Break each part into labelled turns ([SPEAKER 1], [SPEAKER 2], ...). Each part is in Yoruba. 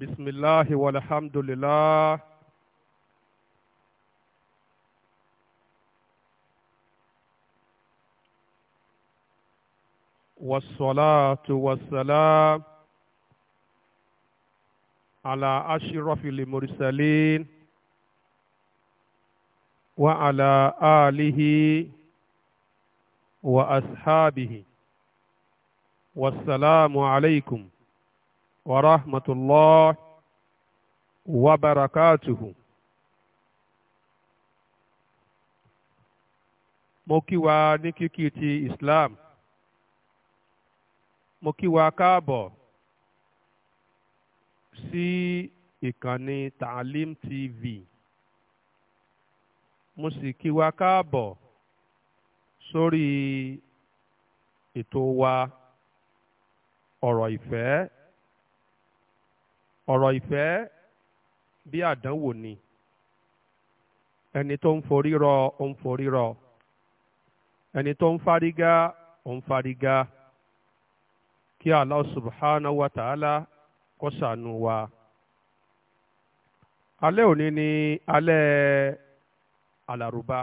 [SPEAKER 1] بسم الله والحمد لله والصلاة والسلام على أشرف المرسلين وعلى آله وأصحابه والسلام عليكم ورحمة الله وبركاته mo kí wa ní kíkí ti Islam mo kí wa káàbọ̀ sí ìkànnì Taalim TV mo sì kí wa káàbọ̀ sórí ètò wa ọ̀rọ̀ ìfẹ́ ọ̀rọ̀ ìfẹ́ bí àdánwò ni ẹni tó ń rọ, ó ń forírọ ẹni tó ń farigá ó ń farigá kí aláwọ̀ subhánà wa ta'ala kó ṣàánú wa. alẹ́ òní ni alẹ́ alárùbá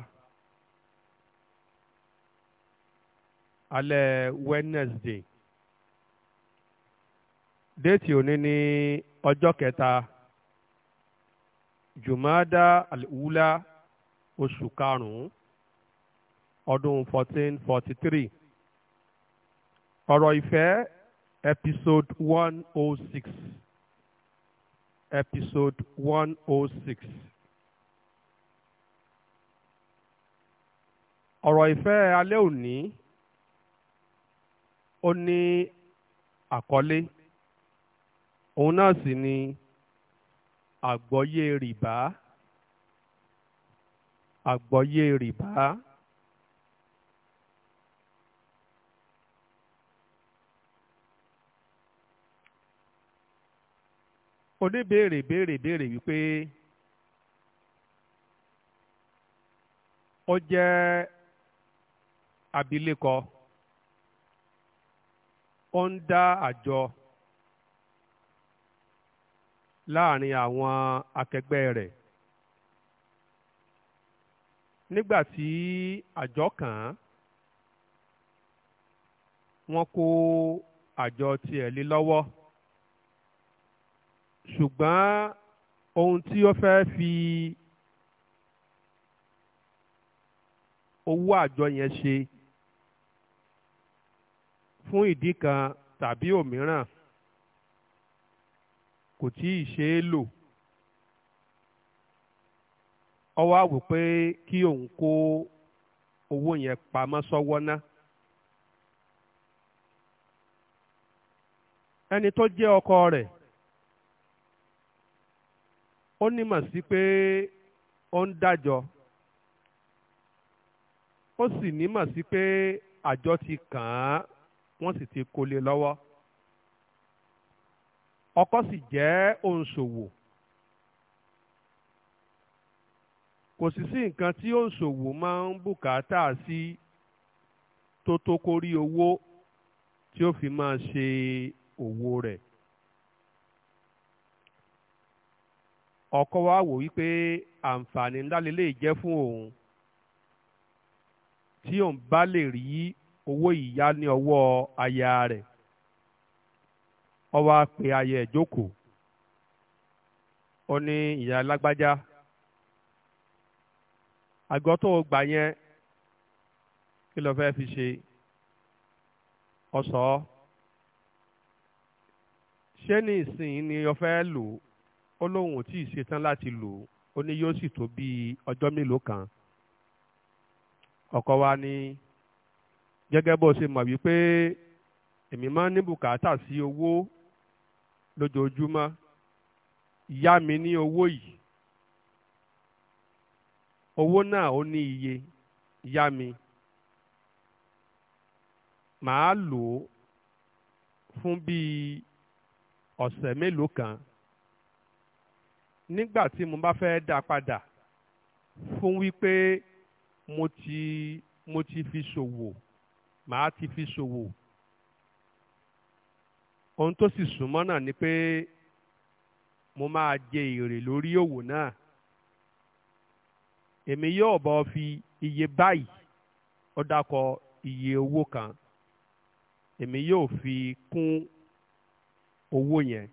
[SPEAKER 1] alẹ́ Wednesday déètì òní ní ọjọ́ kẹta jùmọ́dá àlùwúlá oṣù karùn-ún ọdún fourteen forty three ọ̀rọ̀ ìfẹ́ episode one oh six episode one oh six. ọ̀rọ̀ ìfẹ́ alẹ́ òní ó ní àkọlé. òun náà sì ni àgbọ́yé rìbá àgbọ́yé rìbá. oníbèrè béèrè béèrè wípé ó jẹ́ abilékọ ó ń dá àjọ. láàrin àwọn akẹgbẹ́ rẹ̀ nígbà tí àjọ kàn án wọ́n kó àjọ tiẹ̀ lé lọ́wọ́ ṣùgbọ́n ohun tí ó fẹ́ fi owó àjọ yẹn ṣe fún ìdí kan tàbí òmíràn kò tí ì ṣe é lò ó wá wò pé kí òun kó owó yẹn pamọ́ sọ́wọ́ ná. ẹni tó jẹ́ ọkọ rẹ̀ ó nímọ̀ sí pé ó ń dájọ́ ó sì nímọ̀ sí pé àjọ ti kàn án wọ́n sì ti kọ́lé lọ́wọ́ ọkọ sì jẹ́ òǹṣòwò kò sì sí nǹkan tí òǹṣòwò máa ń bùkátà sí tó tó kórí owó tí ó fi máa ṣe òwò rẹ̀ ọkọ wa wò wípé àǹfààní ńlá lélẹ́yìí jẹ́ fún òun tí òun bá lè rí owó ìyá ní ọwọ́ aya rẹ̀ ó wá pe ayé ẹ̀ jókòó ó ní ìyá lágbájá àgọ́ tó o gbà yẹn kí ló fẹ́ fi ṣe ọ̀sọ́ ṣé ní ìsìn ni o fẹ́ lò ó lóun ò tíì ṣetán láti lò ó ní yóò sì tó bíi ọjọ́ mélòó kan ọkọ wa ní gẹ́gẹ́ bó ṣe mọ̀ wípé èmi máa ń ní bùkátà sí owó lójoojúmọ́ yá mi ní owó yìí owó náà ó ní iye yá mi màá lò ó fún bíi ọ̀sẹ̀ mélòó kan nígbà tí mo bá fẹ́ dá padà fún wípé mo ti mo ti fi ṣòwò màá ti fi ṣòwò ohun tó sì súnmọ́ náà ni pé mo máa jẹ èrè lórí òwò náà èmi yóò bọ fi iye báyìí ó dákọ iye owó kan èmi yóò fi kún owó yẹn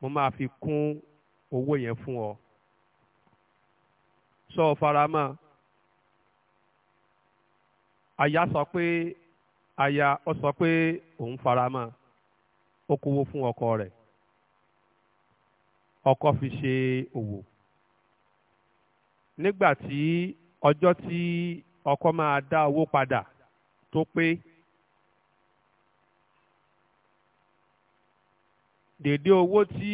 [SPEAKER 1] mo máa fi kún owó yẹn fún ọ sọ so, faramọ́ aya sọ pé aya ó sọ pé òun fara mọ́ ó kówó fún ọkọ rẹ̀ ọkọ fi ṣe òwò nígbà tí ọjọ́ tí ọkọ máa dá owó padà tó pé dèdé owó tí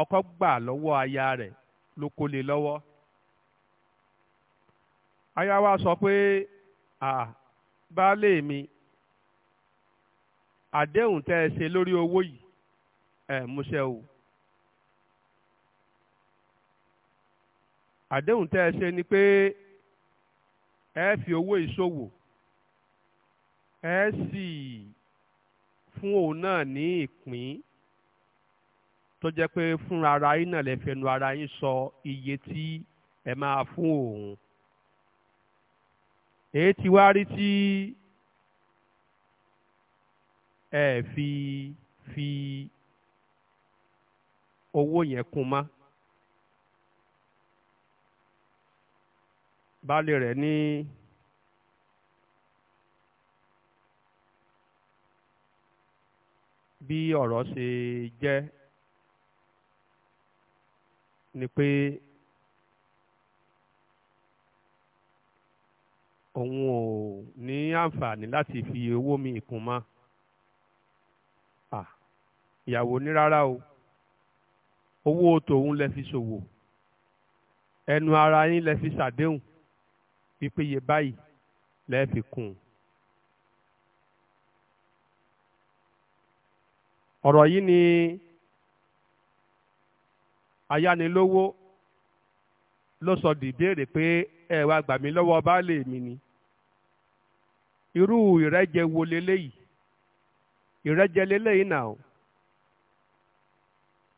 [SPEAKER 1] ọkọ gbà lọ́wọ́ aya rẹ̀ ló kó lé lọ́wọ́ aya wa sọ pé baálé mi àdéhùn tẹ́ ẹ ṣe lórí owó yìí ẹ múṣẹ o àdéhùn tẹ́ ẹ ṣe ni pé ẹ fi owó ìṣòwò ẹ sì fún òun náà ní ìpín tó jẹ́ pé fúnra ara yín náà lè fẹnu ara yín sọ iye tí ẹ máa fún òun èyí ti wá rí tí ẹ fi fi owó yẹn kún mọ́. baálé rẹ̀ ní bí ọ̀rọ̀ ṣe jẹ́ ni pé òun ò ní àǹfààní láti fi owó mi ìkùn mọ́ ìyàwó ní rárá o owó tòun lẹ fi ṣòwò ẹnu ara yín lẹ fi ṣàdéhùn pípéye báyìí lẹ fi kùn ọ̀rọ̀ yìí ni ayánilówó ló sọ dìbéèrè pé ẹ wá gbà mí lọ́wọ́ baálé mi ni irú ìrẹ́jẹ wo leléyìí ìrẹ́jẹ leléyìí náà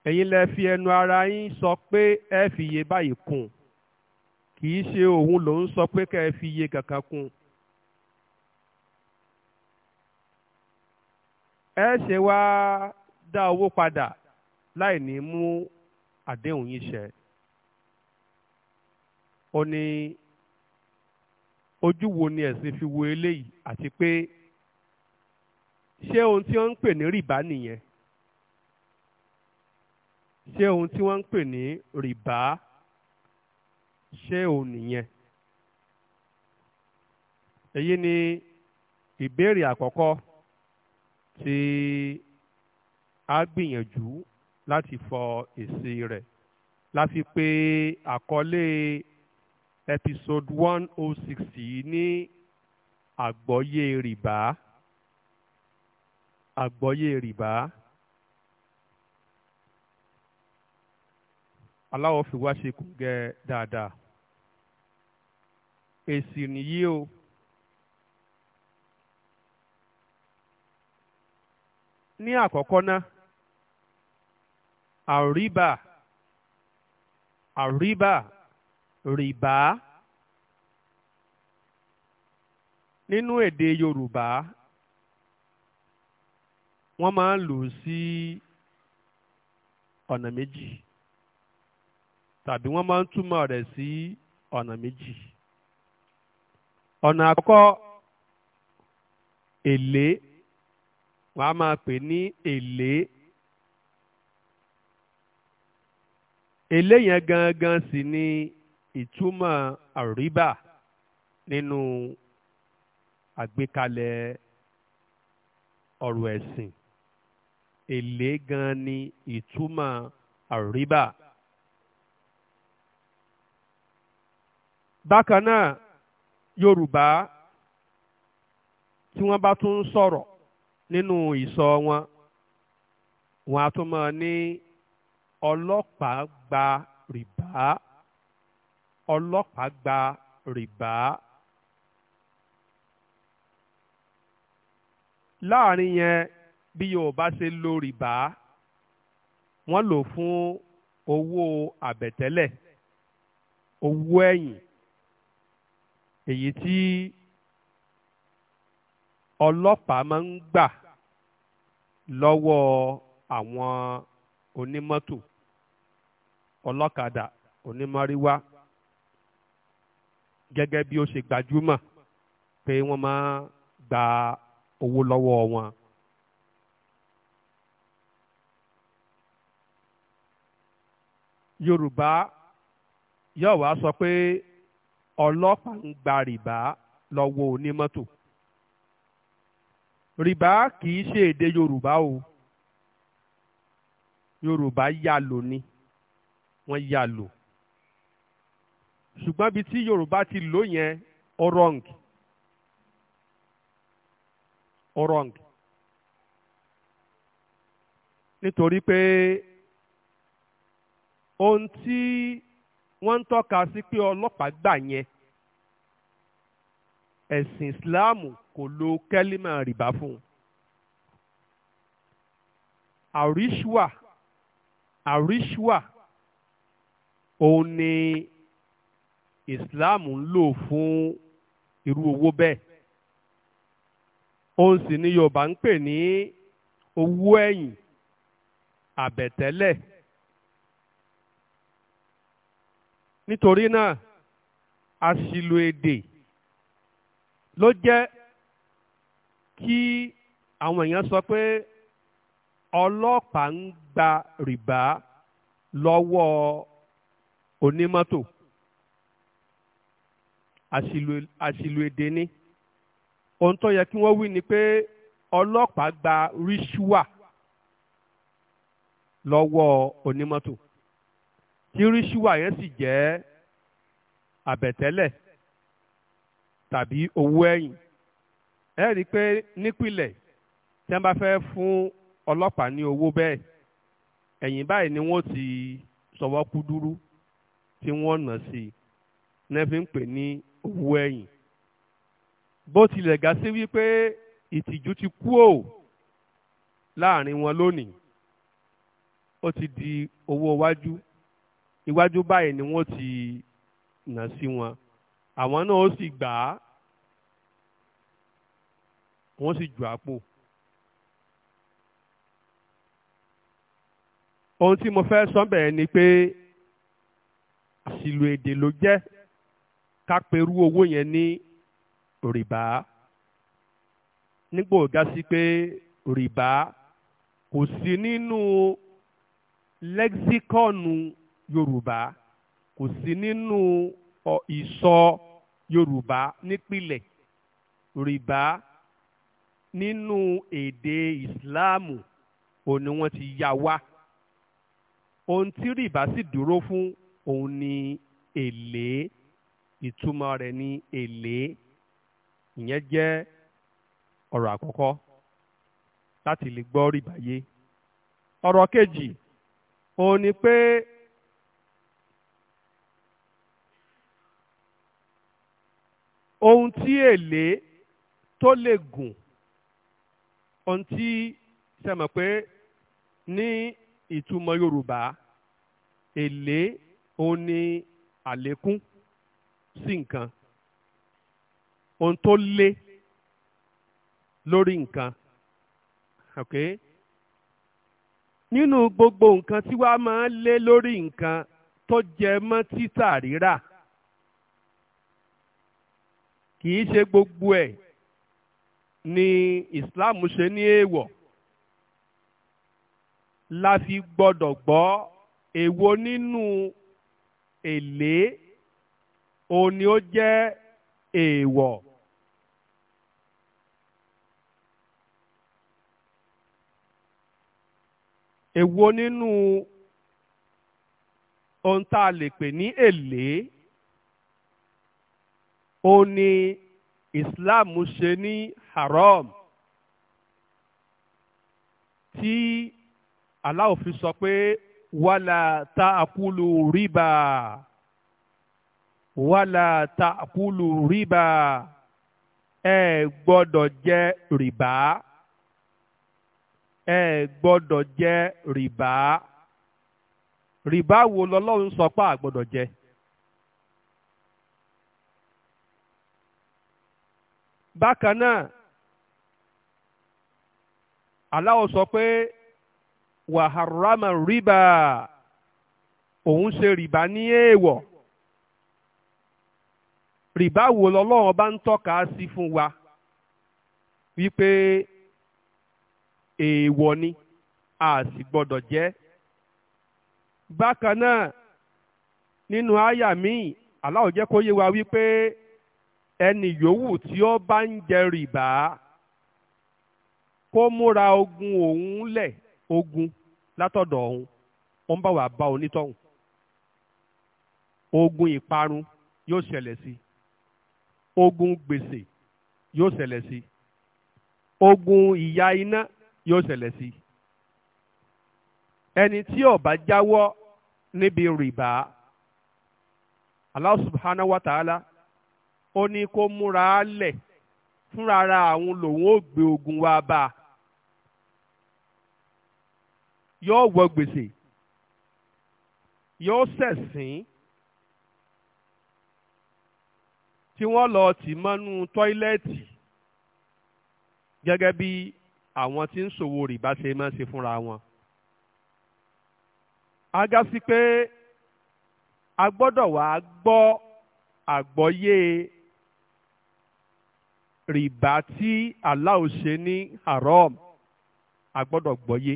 [SPEAKER 1] ẹ̀yin lẹ fi ẹnu ara yín sọ pé ẹ fi iye báyìí kún kì í ṣe òun lòún sọ pé kẹ́ ẹ fi iye kankan kún. ẹ ṣe wá dá owó padà láì ojú wo ni ẹ̀sìn fi wo eléyìí àti pé ṣé ohun tí wọ́n ń pè ní rìbá nìyẹn ṣé ohun tí wọ́n ń pè ní rìbá ṣé òun nìyẹn èyí ni ìbéèrè àkọ́kọ́ tí a gbìyànjú láti fọ èsì rẹ̀ láfi pé àkọlé episode one oh six yìí ní àgbọ́yé rìbá àgbọ́yé rìbá aláwọ̀ fi wá ṣe kùngẹ́ dáadáa èsì nìyí o. ní àkọ́kọ́ ná àríbà àríbà rìbá nínú èdè Yorùbá wọ́n máa ń lò sí ọ̀nà méjì tàbí wọ́n máa ń túmọ̀ rẹ̀ sí ọ̀nà méjì ọ̀nà àkọ́kọ́ èlé wà á máa pè ní èlé èlé yẹn gangan sì ni. ìtumọ̀ àríbà nínú àgbékalẹ̀ ọ̀rọ̀ ẹ̀sìn èlé gan ni ìtumọ̀ àríbà. bákan náà yorùbá tí wọ́n bá tún ń sọ̀rọ̀ nínú ìsọ wọn wọn á tún mọ̀ ní ọlọ́pàá gba rìbá ọlọ́pàá gba rìbá láàrin yẹn bí Yorùbá ṣe lo rìbá wọ́n lò fún owó àbẹ̀tẹ́lẹ̀ owó ẹ̀yìn èyí tí ọlọ́pàá máa ń gbà lọ́wọ́ àwọn onímọ́tò ọlọ́kadà onímọ́ríwá gẹ́gẹ́ bí ó ṣe gbajúmọ̀ pé wọ́n máa gba owó lọ́wọ́ wọn. Yorùbá yóò wá sọ pé ọlọ́pàá ń gba rìbá lọ́wọ́ onímọ́tò rìbá kì í ṣe èdè Yorùbá o Yorùbá yà lò wọ́n yà lò ṣùgbọ́n bí tí yorùbá ti lò yẹn orong orong nítorí pé ohun tí wọ́n ń tọ́ka sí pé ọlọ́pàá gbà yẹn ẹ̀sìn ìsìláàmù kò lo kẹ́límà rìbá fún un àríṣùà àríṣùà òun ni. Islam ń lò fún irú owó bẹ́ẹ̀ òun sì ni Yorùbá ń pè ní owó ẹ̀yìn àbẹ̀tẹ́lẹ̀ nítorí náà àṣìlò èdè ló jẹ́ kí àwọn èèyàn sọ pé ọlọ́pàá ń gba rìbá lọ́wọ́ onímọ́tò àṣìlò èdè ni ohun tó yẹ kí wọ́n wí ni pé ọlọ́pàá gba ríṣùà lọ́wọ́ onímọ́tò tí ríṣùà yẹn sì jẹ́ àbẹ̀tẹ́lẹ̀ tàbí owó ẹ̀yìn ẹ rí i pé nípìnlẹ̀ tí wọ́n bá fẹ́ fún ọlọ́pàá ní owó bẹ́ẹ̀ ẹ̀yìn báyìí ni wọ́n ti sọwọ́ kúdúrú tí wọ́n nà sí i ní fi ń pè ní wo ẹ̀yìn bó tilẹ̀ gá sí wípé ìtìjú ti kú ò láàrin wọn lónìí ó ti di owó iwájú iwájú báyìí ni wọ́n ti nà sí wọn àwọn náà ó sì gbà á wọ́n sì jù àpò. ohun tí mo fẹ́ sọ́nbẹ̀ẹ́ ni pé àṣìlò èdè ló jẹ́ ká perú owó yẹn ní rìbá nípò ga sí pé rìbá kò sí nínú lẹ́gísíkọ́ọ̀nù yorùbá kò sí nínú ìsọ yorùbá nípìlẹ̀ rìbá nínú èdè ìsìláàmù òun ni ti yá wá ohun tí rìbá sì dúró fún òun ni èlé. E ìtumọ̀ rẹ̀ ní èlé ìyẹn jẹ́ ọ̀rọ̀ àkọ́kọ́ láti lè gbọ́ rìbáyé ọ̀rọ̀ kejì òun ni pé ohun tí èlé tó lè gùn ohun tí sẹ́mọ̀ pé ní ìtumọ̀ Yorùbá èlé òun ni àlékún sí nǹkan ohun tó lé lórí nǹkan ok nínú gbogbo nǹkan tí wàá máa lé lórí nǹkan tó jẹ mọ́ títà rírà kì í ṣe gbogbo ẹ̀ ni Islam ṣe ní èèwọ̀ la fi gbọ́dọ̀ gbọ́ èwo nínú èlé òun ni ó jẹ́ èèwọ̀. èwo nínú ohun tá a lè pè ní èlé ó ní Islam ṣe ní haram tí Allah fi sọ pé wàlà tá a kúlù rìbá. wala takulu riba ẹ gbọdọ jẹ riba ẹ gbọdọ jẹ riba riba wo lọlọrun sọ pa a gbọ́dọ̀ jẹ. bákan náà Allah sọ pé wàhálà rìbá òun ṣe ní èèwọ̀. E rìbá wo lọ́lọ́run bá ń tọ́ka sí fún wa wípé èèwọ̀ ni a sì gbọ́dọ̀ jẹ́ bákan náà nínú àyà míì Allah kó yé wa wípé ẹni yòówù tí ó bá ń jẹ rìbá kó múra ogun òun lẹ̀ ogun látọ̀dọ̀ òun ó ń bá wàá bá onítọ̀hún ogun ìparun yóò ṣẹlẹ̀ sí i. ogun gbèsè yóò ṣẹlẹ̀ sí ogun ìyà iná yóò ṣẹlẹ̀ sí ẹni tí ó jáwọ́ níbi rìbá Allah subhanahu wa ta'ala ó ní kó múra lẹ̀ fúnra àwọn lòun ó gbé ogun wá bá yóò wọ gbèsè yóò ṣẹ̀sìn tí wọ́n lọ tì mọ́nú tọ́ílẹ̀tì gẹ́gẹ́ bí àwọn tí ń ṣòwò rìbá ṣe máa ń ṣe fúnra wọn. a ga sí pé a gbọ́dọ̀ wá gbọ́ àgbọ́yé rìbá tí Allah ṣe ní haram a gbọ́dọ̀ gbọ́yé.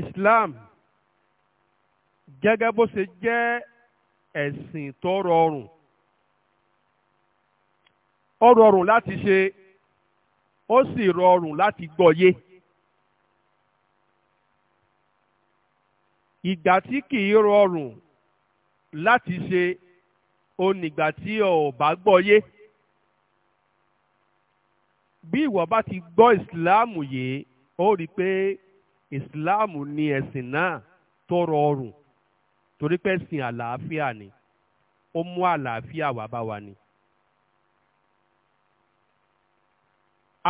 [SPEAKER 1] Islam gẹ́gẹ́ bó ṣe jẹ́ ẹ̀sìn tó rọrùn ó rọrùn láti ṣe ó sì rọrùn láti gbọ́yé ìgbà tí kì í rọrùn láti ṣe ó nígbà tí o ò bá gbọ́yé bí ìwọ bá ti gbọ́ ìsìláàmù yìí ó rí i pé ìsìláàmù ni ẹ̀sìn náà tó rọrùn torí pé sìn àlàáfíà ni ó mú àlàáfíà wá bá wa ni.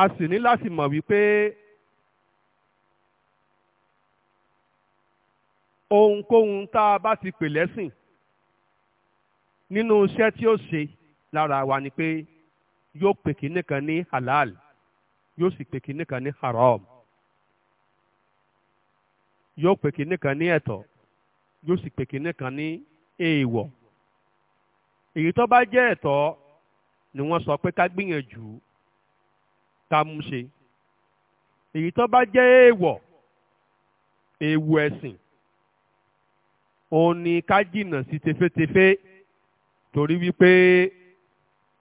[SPEAKER 1] a sì ní láti mọ̀ wípé ohunkóhun tá a bá ti pè lẹ́sìn nínú iṣẹ́ tí ó ṣe lára wa ni pé yóò pè kínní kan ní halal yóò sì pè kínní kan ní haram yóò pè kínní kan ní ẹ̀tọ́ yóò sì pèké nìkan ní èèwọ̀ èyí tó bá jẹ́ ẹ̀tọ́ ni wọ́n sọ pé ká gbìyànjú ká mú ṣe èyí tó bá jẹ́ èèwọ̀ ewu ẹ̀sìn òun ni ká jìnnà sí tefétefé torí wípé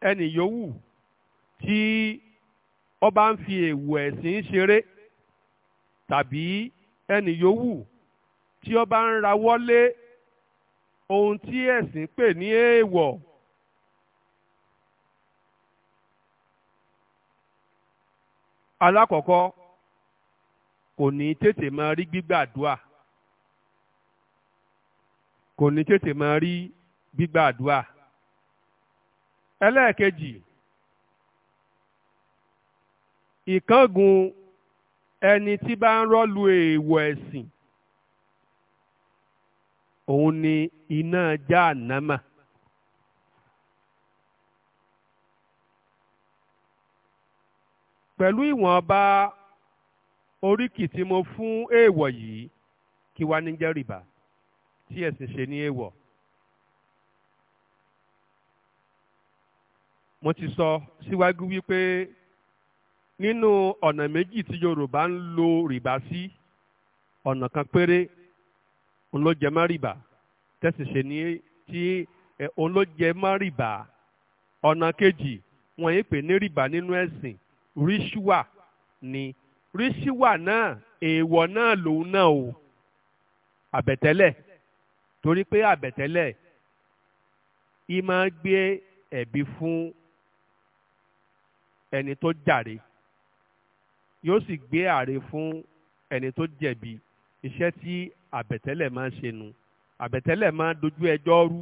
[SPEAKER 1] ẹnì yòówù tí ọba ń fi ewu ẹ̀sìn ṣeré tàbí ẹnì yòówù tí ó bá ń rawọ́ lé ohun tí ẹ̀sìn pè ní èèwọ̀. alákọ̀ọ́kọ́ kò ní tètè máa rí gbígbàdúà kò ní tètè máa rí gbígbàdúà ẹlẹ́ẹ̀kejì ìkángun ẹni tí bá ń rọ́lu èèwọ̀ ẹ̀sìn òun ni iná jáànámà. pẹ̀lú ìwọ̀nba oríkì tí mo fún èèwọ̀ yìí kí wá ní jẹ́ rìbá tí ẹ̀sìn ṣe ní èèwọ̀. mo ti sọ síwájú wípé nínú ọ̀nà méjì tí Yorùbá ń lo rìbá sí ọ̀nà kan péré òun ló jẹ má rìbá tẹ́sì ṣe ní tí òun ló jẹ má rìbá ọ̀nà kejì wọ́n yìí pè ní rìbá nínú ẹ̀sìn ríṣùwà ni ríṣùwà náà èèwọ̀ náà lòun náà o àbẹ̀tẹ́lẹ̀ torí pé àbẹ̀tẹ́lẹ̀ ì máa gbé ẹ̀bi fún ẹni tó jàre yóò sì gbé àre fún ẹni tó jẹ̀bi iṣẹ́ tí àbẹ̀tẹ́lẹ̀ máa ń ṣe nu àbẹ̀tẹ́lẹ̀ máa ń dojú ẹjọ́ rú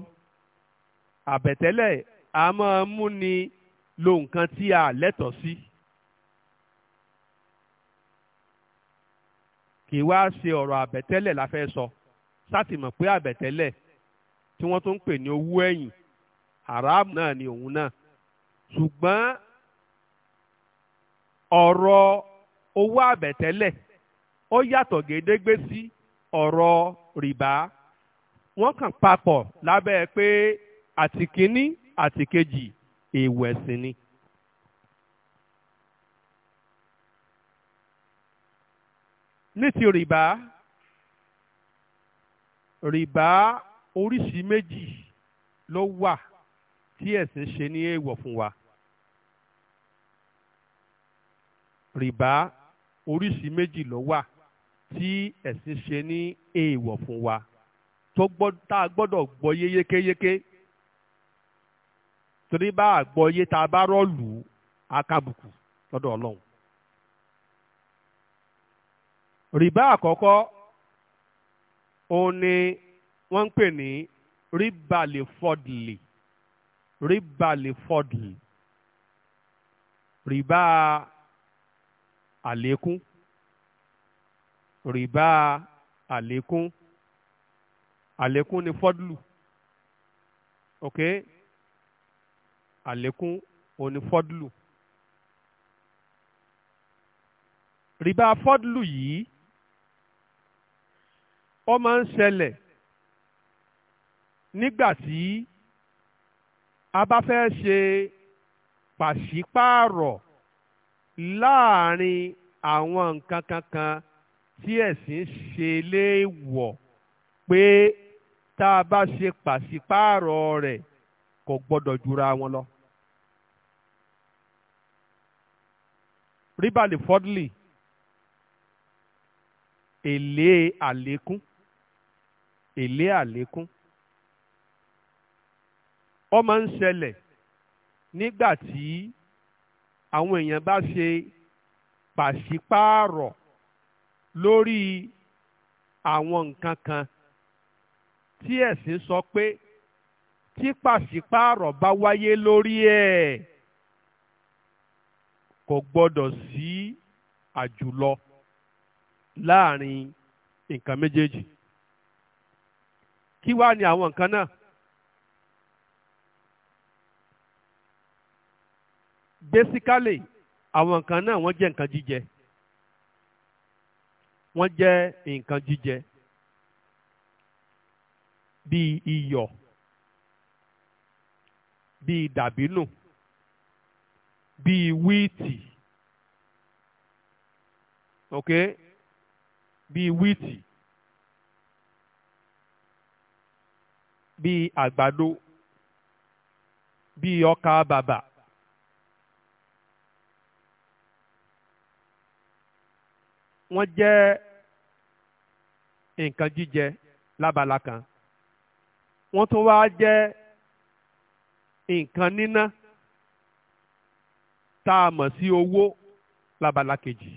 [SPEAKER 1] àbẹ̀tẹ́lẹ̀ a máa mú ni lo nǹkan tí a lẹ́tọ̀ọ́ sí. kì í wá ṣe ọ̀rọ̀ àbẹ̀tẹ́lẹ̀ la fẹ́ sọ sátìmọ̀ pé àbẹ̀tẹ́lẹ̀ tí wọ́n tún ń pè ní owó ẹ̀yìn haram náà ni òun náà ṣùgbọ́n ọ̀rọ̀ owó àbẹ̀tẹ́lẹ̀ ó yàtọ̀ gédégbé sí ọ̀rọ̀ rìbá wọ́n kàn papọ̀ lábẹ́ pé àtìkíní àtìkejì èèwọ̀ ẹ̀sìn ni. ní ti rìbá rìbá oríṣi méjì ló wà tí ẹ̀sìn ṣe ní èèwọ̀ fún wa. rìbá oríṣi méjì ló wà tí ẹ̀sìn ṣe ní èèwọ̀ fún wa tó gbọ́ tá a gbọ́dọ̀ gbọ́ yé yékéyéké torí bá a gbọ́ yé tá a bá rọ́ọ̀lù akábùkù lọ́dọ̀ ọlọ́run. rìbá àkọ́kọ́ òun ni wọ́n ń pè ní ríbalè fọ́dìlì ríbalè fọ́dìlì rìbá àlékún rìbá àlékún àlékún ni fọ́dúlù ok àlékún òní fọ́dúlù rìbá fọ́dúlù yìí ó máa ń ṣẹlẹ̀ nígbà tí a bá fẹ́ ṣe pàṣípààrọ̀ láàárín àwọn nǹkan kankan. Kan tí ẹ̀sìn ṣe léèwọ̀ pé tá a bá ṣe pàṣípààrọ̀ rẹ̀ kò gbọ́dọ̀ jura wọn lọ. ríbàlì fọ́dúlì èlé àlékún èlé àlékún ó máa ń ṣẹlẹ̀ nígbà tí àwọn èèyàn bá ṣe pàṣípààrọ̀ lórí àwọn nǹkan kan tí ẹ̀sìn sọ pé tí pàṣípààrọ̀ bá wáyé lórí ẹ̀ kò gbọ́dọ̀ sí àjùlọ láàrin nǹkan méjèèjì kí wá ni àwọn nǹkan náà basically àwọn nǹkan náà wọ́n jẹ́ nǹkan jíjẹ wọ́n jẹ́ nǹkan jíjẹ bíi iyọ̀ bíi dàbínù bíi wíìtì ok bíi wíìtì bíi àgbàdo bíi ọkà bàbà. wọ́n jẹ́ nǹkan jíjẹ lábala kan wọ́n tún wá jẹ́ nǹkan níná tá a mọ̀ sí owó lábala kejì